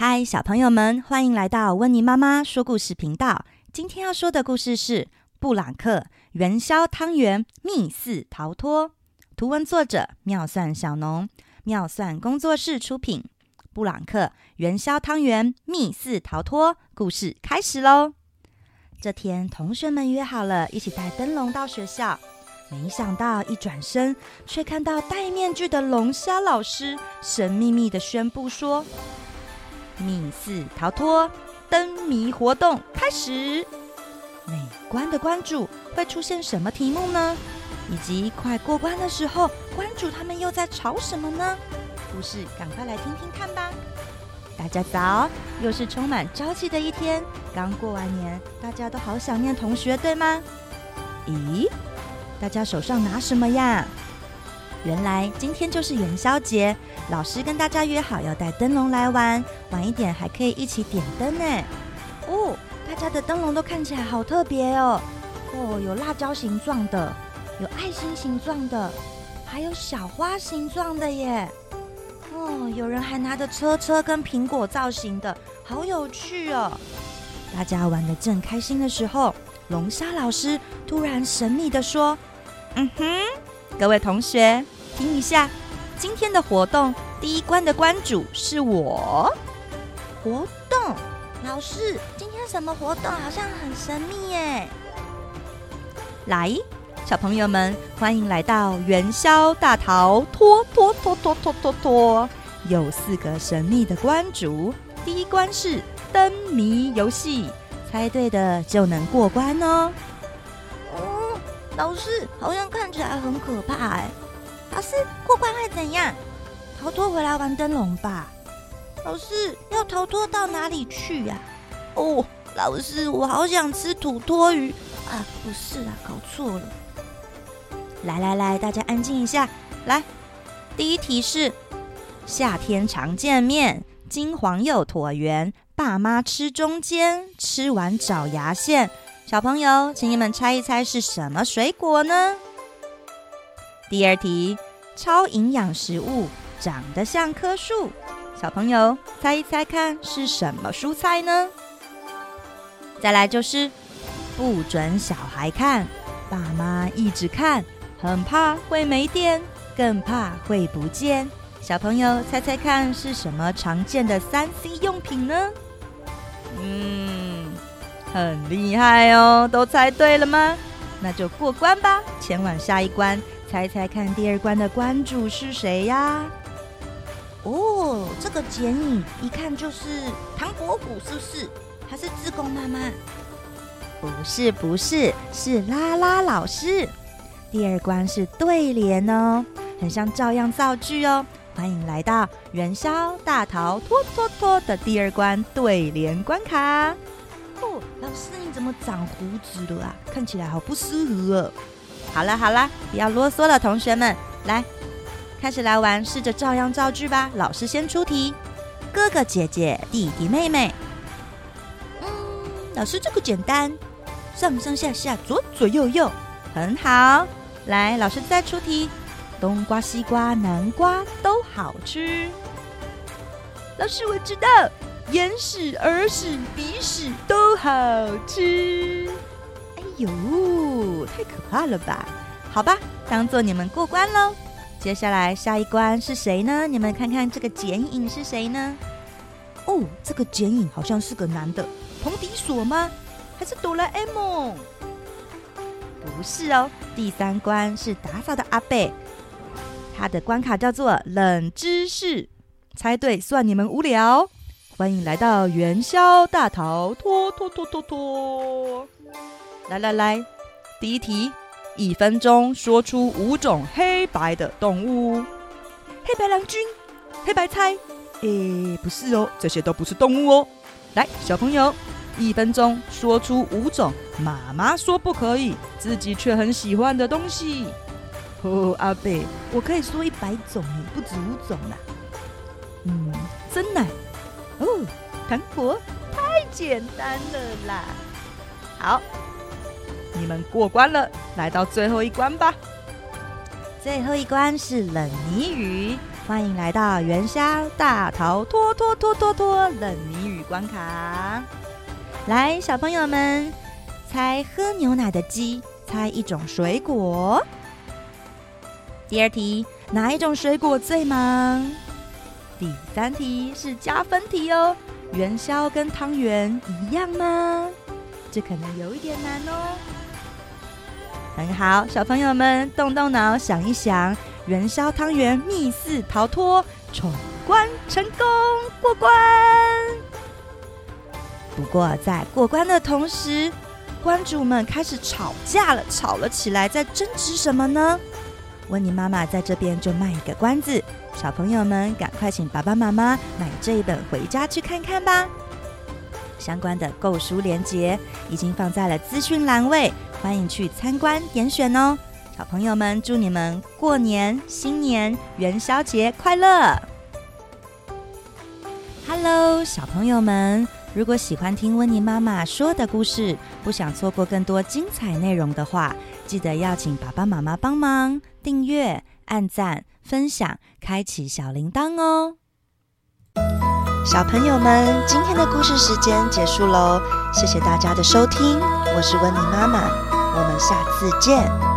嗨，Hi, 小朋友們，歡迎來到溫妮媽媽說故事頻道。今天要說的故事是《布朗克元宵湯圓密室逃脫》，圖文作者妙蒜小農，妙蒜工作室出品。《布朗克元宵湯圓密室逃脫》故事開始嘍。這天，同學們約好了一起帶燈籠到學校，沒想到一轉身，卻看到戴面具的龍蝦老師神秘秘的宣布說。密室逃脫燈謎活動開始，每關的關主會出現什麼題目呢？以及快過關的時候，關主他們又在吵什麼呢？故事趕快來聽聽看吧！大家早，又是充滿朝氣的一天。剛過完年，大家都好想念同學，對嗎？咦，大家手上拿什麼呀？原來今天就是元宵節，老師跟大家約好要帶燈籠來玩，晚一點還可以一起點燈呢。哦，大家的燈籠都看起來好特別哦。哦，有辣椒形狀的，有愛心形狀的，還有小花形狀的耶。哦，有人還拿着車車跟蘋果造型的，好有趣哦。大家玩得正開心的時候，龍蝦老師突然神秘地說：“嗯哼。”各位同學，聽一下，今天的活動第一關的關主是我。活動？老師，今天什麼活動？好像很神秘耶！來，小朋友們，歡迎來到元宵大逃脫！脫脫脫脫脫脫！有四個神秘的關主。第一關是燈謎遊戲，猜對的就能過關哦。老師好像看起來很可怕哎！老師過關會怎樣？逃脫回來玩燈籠吧！老師要逃脫到哪裡去呀、啊？哦，老師，我好想吃土魠魚啊！不是啊，搞錯了。來來來，大家安靜一下，來，第一題是夏天常見面，金黃又橢圓，爸媽吃中間，吃完找牙線。小朋友，請你們猜一猜是什麼水果呢？第二題，超營養食物長得像棵樹，小朋友猜一猜看是什麼蔬菜呢？再來就是，不准小孩看，爸媽一直看，很怕會沒電，更怕會不見。小朋友猜猜看是什麼常見的三 C 用品呢？嗯。很厲害哦，都猜對了嗎？那就過關吧，前往下一關。猜猜看，第二關的關主是誰呀？哦，這個剪影一看就是唐伯虎，是不是？還是自貢媽媽？不是，不是，是拉拉老師。第二關是對聯哦，很像照樣造句哦。歡迎來到元宵大逃脫脫脫的第二關對聯關卡。哦，老師，你怎麼長鬍子了啊？看起來好不舒服哦。好了好了，不要囉嗦了，同學們，來，開始來玩，試着照樣造句吧。老師先出題：哥哥姐姐、弟弟妹妹。嗯，老師這個簡單。上上下下、左左右右，很好。來，老師再出題：冬瓜、西瓜、南瓜都好吃。老師，我知道。眼屎、耳屎、鼻屎都。不好吃！哎呦，太可怕了吧？好吧，當做你們過關嘍。接下來下一關是誰呢？你們看看這個剪影是誰呢？哦，這個剪影好像是個男的，蓬迪索嗎？還是哆啦 A 夢？不是哦，第三關是打掃的阿貝，他的關卡叫做冷知識，猜對算你們無聊。歡迎來到元宵大逃脫，脫脫脫脫脫來來來，第一題，一分鐘說出五種黑白的動物。黑白郎君，黑白猜，誒、欸，不是哦，這些都不是動物哦。來，小朋友，一分鐘說出五種媽媽說不可以，自己卻很喜歡的東西。哦，阿伯，我可以說一百種，不止五種啦、啊。嗯，真的。糖果太簡單了啦！好，你們過關了，來到最後一關吧。最後一關是冷謎語，歡迎來到元宵大逃脫！脫脫脫脫冷謎語關卡。來，小朋友們猜，喝牛奶的雞，猜一種水果。第二題，哪一種水果最忙？第三題是加分題哦。元宵跟湯圓一樣嗎？這可能有一點難哦、喔。很好，小朋友們動動腦，想一想，元宵、湯圓密室逃脫，闖關成功，過關。不過在過關的同時，觀眾們開始吵架了，吵了起來，在爭執什麼呢？溫妮媽媽在這邊就賣一個關子，小朋友們趕快請爸爸媽媽買這一本回家去看看吧。相關的購書鏈接已經放在了資訊欄位，歡迎去參觀點選哦。小朋友們，祝你們過年、新年、元宵節快樂！Hello，小朋友們，如果喜歡聽溫妮媽媽說的故事，不想錯過更多精彩內容的話，記得要請爸爸媽媽幫忙訂閱、按贊、分享、開啟小鈴鐺哦！小朋友們，今天的故事時間結束嘍，謝謝大家的收聽，我是溫妮媽媽，我們下次見。